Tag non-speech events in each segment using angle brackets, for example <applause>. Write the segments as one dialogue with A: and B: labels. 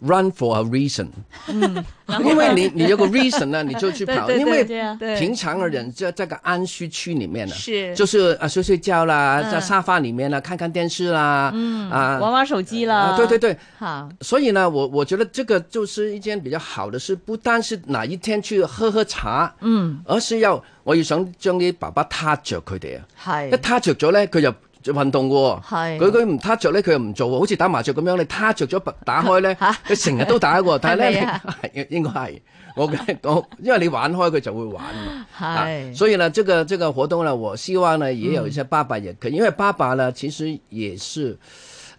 A: Run for a reason，
B: 因為你你有個 reason 呢，你就去跑。因為平
A: 常的人就在個安息區裏面呢，就是啊睡睡覺啦，在沙發裏面啦，看看電視啦，啊玩
B: 玩手機啦。對對對，好。
A: 所以呢，我我覺得這個就是一件比較好的事，不單是哪一天去喝喝茶，
B: 嗯，
A: 而是要我要想將啲爸爸拖著佢哋啊，
B: 係一
A: 拖著咗呢，佢就，做運動嘅喎，佢佢唔撻着咧，佢又唔做，好似打麻雀咁樣，你撻着咗，打開咧，佢成日都打喎。 <laughs> 但係呢咧、啊，應該係我講，因為你玩開佢就會玩嘛。
B: 的啊、所
A: 以呢，即、這個這個活動呢，我希望呢，也有一些爸爸日去，嗯、因為爸爸呢，其實也是。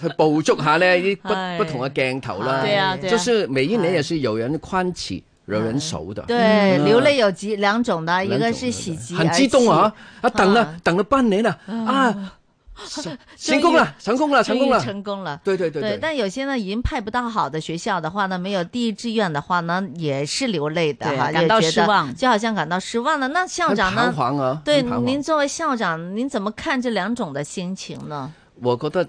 A: 去捕捉下呢啲不不同的鏡頭啦，就是每一年也是有人歡喜，有人愁的。對，流淚
B: 有幾兩種的，一個是喜極而泣，很激動啊！啊，等了
A: 等咗半年了啊，成功啦，成功啦，成功啦，成功啦！對對對對。但
B: 有些呢，已經派不到好的學校的話呢，沒有第一志願的話呢，也是流淚的，哈，感到失望，就好像感到失望了。那校長呢？
A: 對，您
B: 作為校長，您怎麼看這兩種的心情呢？
A: 我覺得。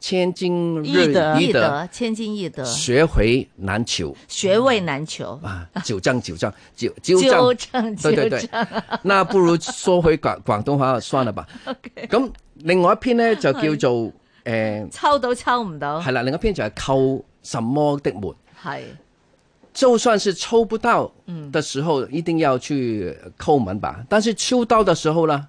A: 千金易得，易得
B: 千金易得，學
A: 會難求，
B: 學位難求啊！
A: 糾正、糾正、糾正、糾正，對對對，那不如說回廣廣東話算了吧。ok，咁另外一篇呢就叫做誒，
B: 抽都抽唔到，係
A: 啦，另一篇就係叩什麼的門，係，就算是抽不到，嗯，的時候一定要去叩門吧，但是抽到的時候呢？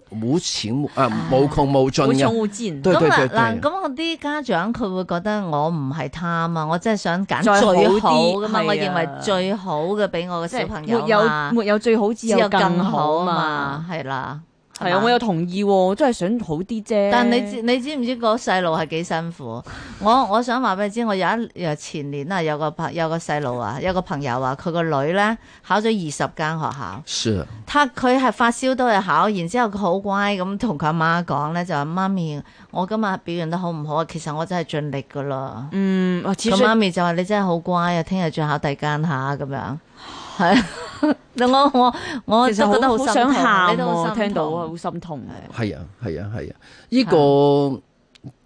A: 冇錢冇啊，無窮冇盡冇無窮無盡。今日嗱，咁
B: 我啲家長佢會覺得我唔係貪啊，我真係想揀最好嘛，係我認為最好嘅俾我嘅小朋友，啊就是，沒有沒有最好，只有更好啊嘛，係啦，啊。係啊、哎，我又同意喎、哦，我真係想好啲啫。但係你知你知唔知、個細路係幾辛苦？我我想話俾你知，我有一前年啊，有個朋有個細路啊，有個朋友啊，佢個女咧考咗二十間學校。是啊。他佢係發燒都係考，然之後佢好乖咁，同佢阿媽講咧就話：媽咪，我今日表現得好唔好啊？其實我真係盡力噶喇。」嗯，
A: 佢媽咪
B: 就話：你真係好乖啊！聽日再考第二間下咁樣。係， <laughs> 我我我， <laughs> 其實很覺得好想喊，你聽到啊，好心痛啊！
A: 係啊，係啊，係啊，呢個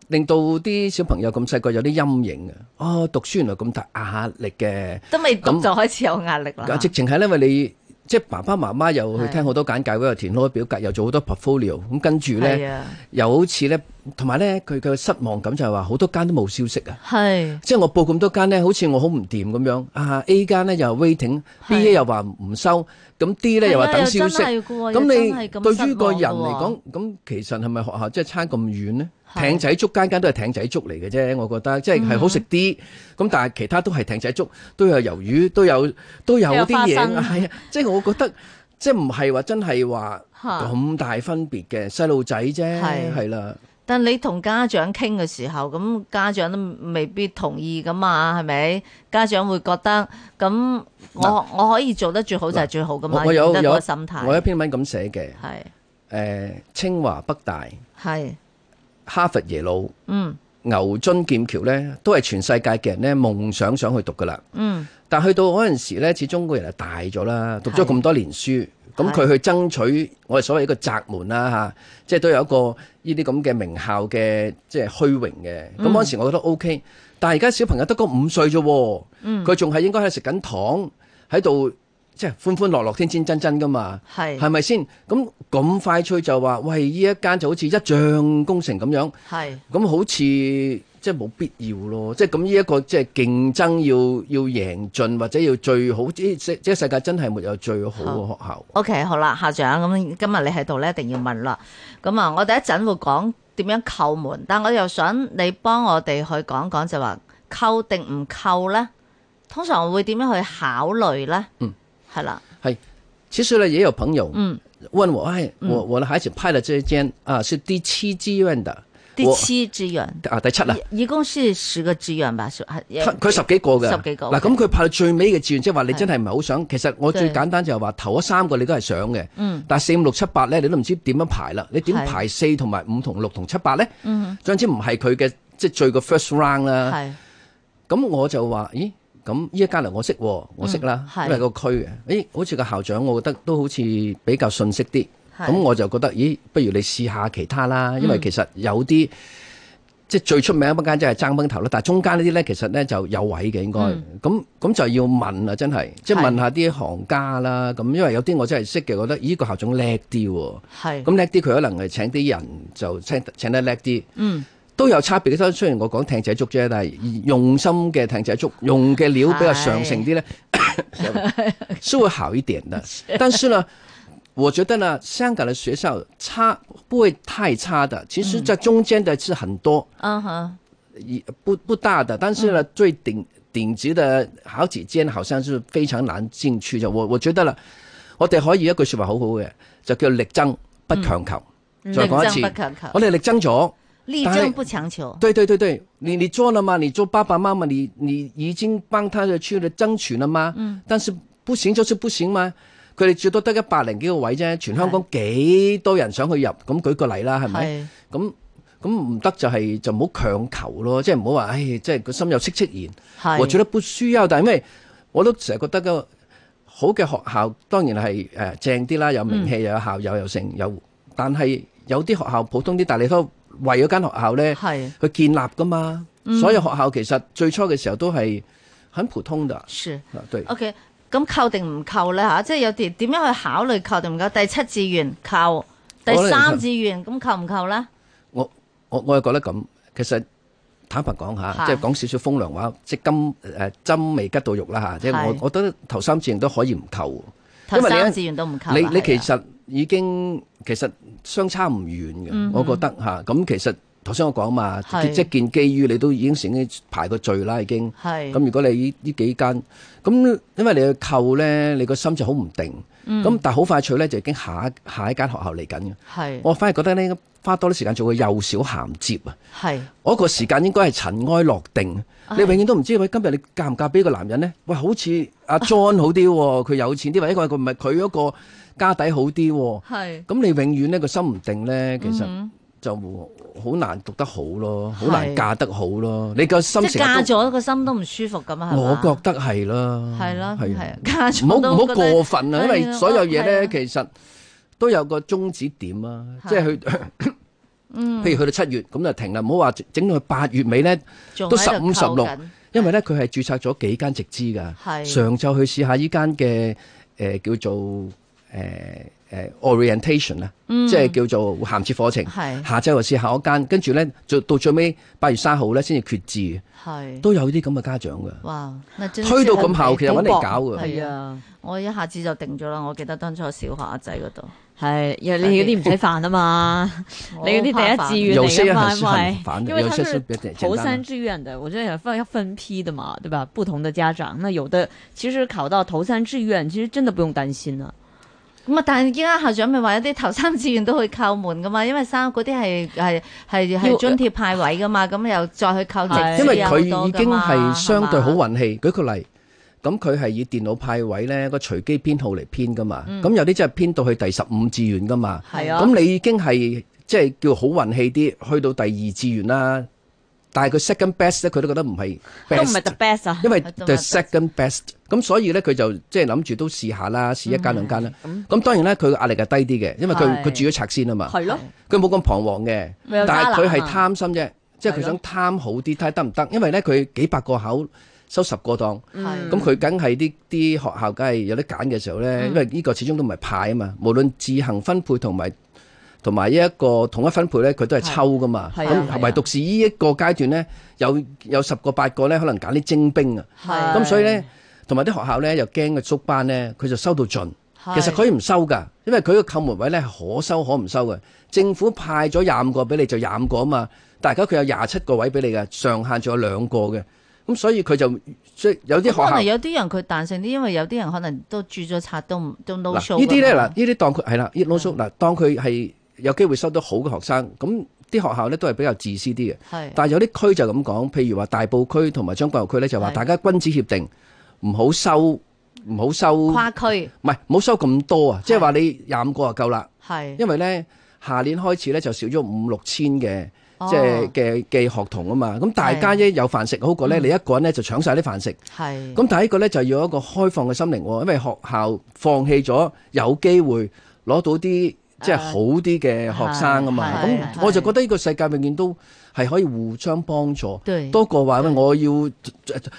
A: 令到啲小朋友咁細個有啲陰影啊！哦，讀書原來咁大壓力嘅，都
B: 未讀就開始有壓力啦。直
A: 情係因為你。即係爸爸媽媽又去聽好多簡介會是的 又填好多表格，又做好多 portfolio。咁跟住咧，又好似咧，同埋咧，佢嘅失望感就係話好多間都冇消息啊。係，是的 即係我報咁多間咧，好似我好唔掂咁樣。啊 A 間咧又 waiting，B 是的 又話唔收，咁 D 咧的又話等消息。咁你對於個人嚟講，咁其實係咪學校即係差咁遠咧？艇仔粥，間間都係艇仔粥嚟嘅啫，我覺得即係係好食啲，咁但係其他都係艇仔粥，都有魷魚，都有都有啲嘢。係啊，即係我覺得即係唔係話真係話咁大分別嘅細路仔啫，係啦。
B: 但你同家長傾嘅時候，咁家長都未必同意噶嘛，係咪？家長會覺得咁我我可以做得最好就係最好噶嘛，我有個心態，我有一篇
A: 文咁寫嘅，係誒清華北大係。哈佛耶魯，嗯，牛津劍橋咧，都係全世界嘅人咧夢想想去讀噶啦，嗯，但去到嗰陣時咧，始終個人係大咗啦，讀咗咁多年書，咁佢的去爭取我哋所謂一個窄門啦、啊、吓的、啊，即係都有一個呢啲咁嘅名校嘅即係虛榮嘅，咁嗰時我覺得 O、OK, K，、嗯、但係而家小朋友得個五歲啫，嗯，佢仲係應該喺度食緊糖喺度。即係歡歡樂樂、天天真真噶嘛，係，係咪先？咁咁快脆就話喂，依一間就好似一仗功成咁樣，係咁是好似即係冇必要咯。即係咁呢一個即係競爭要要贏盡或者要最好，即即世界真係沒有最好嘅學校。
B: 好 OK，好啦，校長，咁今日你喺度呢一定要問啦。咁啊，我第一陣會講點樣扣門，但我又想你幫我哋去講講，就話扣定唔扣呢？通常我會點樣去考慮呢？嗯。
A: 係，其實咧也有朋友嗯，問我，哎，我我的孩子派了這一間啊，是第七志願的。第七志願啊，第七啦，一共是
B: 十個志願吧？係佢十
A: 幾個嘅，十幾個嗱。咁佢派到最尾嘅志願，即係話你真係唔係好想。其實我最簡單就係話頭嗰三個你都係想嘅，但係四五六七八咧，你都唔知點樣排啦。你點排四同埋五同六同七八咧？總之唔係佢嘅即係最個 first round 啦。係咁我就話，咦？咁呢一間嚟我識，我識啦，嗯、因為個區嘅，好似個校長，我覺得都好似比較遜色啲，咁是我就覺得，咦，不如你試下其他啦，因為其實有啲、嗯、即最出名嗰間即係爭崩頭啦，但中間呢啲呢，其實呢就有位嘅應該，咁咁、嗯、就要問啊，真係，即係問下啲行家啦，咁是因為有啲我真係識嘅，覺得咦，個校長叻啲喎，係是，咁叻啲佢可能係請啲人就請得叻啲，嗯。都有差別嘅。雖然我講艇仔粥啫，但係用心嘅艇仔粥，用嘅料比較上乘啲咧，都 <laughs> <laughs> 會好一點啲。但是呢，我覺得呢，香港嘅學校差不會太差的。其實在中間嘅是很多啊，嗯、不不大的。但是呢，最頂頂級的好幾間，好像是非常難進去嘅。我我覺得啦，我哋可以一句說話好好嘅，就叫力爭不強求。再講、嗯、一次，我哋力爭咗。
B: 力爭不強求，對
A: 對對對，你你做了嗎？你做爸爸媽媽，你你已經幫他嘅去了爭取了嘛。但是不行就是不行嘛。佢哋最多得一百零幾個位啫，全香港幾多人想去入？咁是 舉個例啦，係咪？咁咁唔得就係、是、就唔好強求咯，即係唔好話，唉、哎，即係個心有戚戚然。我做得不 o o 啊，但係因為我都成日覺得個好嘅學校當然係誒、呃、正啲啦，有名氣又有校友又成有，但係有啲學校普通啲，但你都。為咗間學校咧，係是去建立噶嘛？嗯、所有學校其實最初嘅時候都係很普通噶。是，對。
B: OK，咁扣定唔扣咧？吓，即係有啲點樣去考
A: 慮扣定唔扣？第七志願扣，第三志
B: 願咁扣唔扣咧？
A: 我我我又覺得咁，其實坦白講吓，是即係講少少風涼話，即係今誒針未吉到肉啦吓，是即係我我覺得頭三志願都可以唔扣，頭三志
B: 願都唔扣你你，你其實
A: 已經的其實。相差唔遠嘅，嗯、哼我覺得咁、啊、其實頭先我講嘛，是即見基於你都已經成日排個序啦，已經。咁是如果你呢幾幾間，咁因為你去叩咧，你個心就好唔定。咁、嗯、但好快脆咧，就已經下一下一間學校嚟緊嘅。是我反而覺得呢，花多啲時間做個幼小銜接啊。是我個時間應該係塵埃落定。是你永遠都唔知喂，今日你嫁唔嫁俾個男人咧？喂，好似阿 John 好啲喎、啊，佢 <laughs> 有錢啲，或者佢佢唔係佢嗰個。家底好啲，咁你永遠呢個心唔定咧，其實就好難讀得好咯，好難嫁得好咯。你個心情即係嫁咗
B: 個心都唔舒服咁啊，係嘛？我覺得
A: 係咯，係
B: 咯，係啊，嫁咗都唔好唔好過分啊，因為所有嘢咧
A: 其實都有個終止點啊，即係去，嗯，譬如去到七月咁就停啦，唔好話整到去八月尾咧，都十五十六。因為咧佢係註冊咗幾間直資㗎，上晝去試下依間嘅誒叫做。誒誒，orientation 啊，即係叫做銜接課程。係下週又試下嗰間，跟住咧，到到最尾八月三號咧先至決志。係都有啲咁嘅家長嘅。
B: 哇！推到咁後，其實揾嚟搞嘅。係啊，我一下子就定咗啦。我記得當初小學仔嗰度係，因為你嗰啲唔使煩啊嘛，你嗰啲第一志願嚟啊嘛，唔係，因為佢好生志願嘅，我即係分一分批嘅嘛，對吧？不同的家長，那有的其實考到頭三志願，其實真的不用擔心啦。咁啊！但係依家校長咪話有啲頭三志願都去叩門噶嘛，因為三嗰啲係係係係津貼派位噶嘛，咁要又再去扣籍，因為佢已經係相對好
A: 運氣。吧舉個例，咁佢係以電腦派位咧個隨機編號嚟編噶嘛，咁、嗯、有啲即係編到去第十五志願噶嘛。係啊，咁你已經係即係叫好運氣啲，去到第二志願啦。但係佢 second best 咧，佢都覺得唔係都唔係 the best 啊，因為 the second best 咁，所以咧佢就即係諗住都試下啦，試一間兩間啦。咁當然咧，佢個壓力係低啲嘅，因為佢佢住咗拆先啊嘛，佢冇咁彷徨嘅，但係佢係貪心啫，即係佢想貪好啲睇下得唔得。因為咧佢幾百個口收十個檔，咁佢梗係啲啲學校梗係有得揀嘅時候咧，因為呢個始終都唔係派啊嘛，無論自行分配同埋。同埋呢一個統一分配咧，佢都係抽噶嘛。咁唯獨係呢一個階段咧，有有十個八個咧，可能揀啲精兵啊。咁的、嗯、所以咧，同埋啲學校咧又驚嘅縮班咧，佢就收到盡。的其實佢唔收㗎，因為佢個扣門位咧係可收可唔收嘅。政府派咗廿五個俾你，就廿五個啊嘛。但係而家佢有廿七個位俾你嘅上限，仲有兩個嘅。咁所以佢就即係有啲學校有
B: 啲人佢彈性啲，因為有啲人可能都注咗冊，都唔都 no show 嗱呢啲咧嗱
A: 呢啲當佢係啦，no show 嗱當佢係有機會收到好嘅學生，咁啲學校呢都係比較自私啲嘅。是但有啲區就咁講，譬如話大埔區同埋將軍澳區呢就話大家君子協定，唔好是收，唔好收跨區，唔係唔好收咁多啊！是即係話你廿五個就夠啦。是因為呢下年開始呢就少咗五六千嘅，哦、即係嘅嘅學童啊嘛。咁大家一有飯食，好過呢，嗯、你一個人呢就搶晒啲飯食。係是，咁第一個呢，就要一個開放嘅心靈，因為學校放棄咗有機會攞到啲。即係好啲嘅學生啊嘛，咁我就覺得呢個世界永遠都係可以互相幫助，多過話我要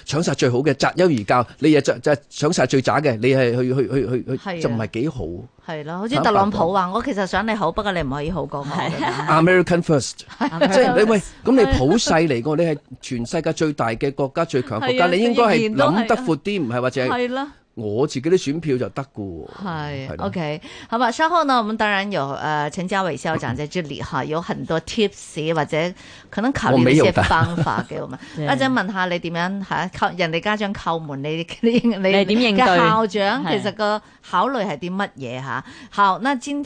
A: 搶曬最好嘅，擇優而教你又就就係搶曬最渣嘅，你係去去去去就唔係幾好。
B: 係咯，好似特朗普話：我其實想你好，不過你唔可以好過我。
A: American first，即係你喂，咁你普世嚟講，你係全世界最大嘅國家、最強國家，你應該係諗得闊啲，唔係或者？我自己啲選票就得嘅
B: 喎。係是呢，OK，好嘛，稍後呢，我們當然有誒、呃、陳家偉校長在這裡哈，有很多 tips 或者可能求你一些方法嘅嘛，我 <laughs> 問一陣問下你點樣吓扣人哋家長叩門你你你點應對？校長其實個考慮係啲乜嘢吓，好，那今。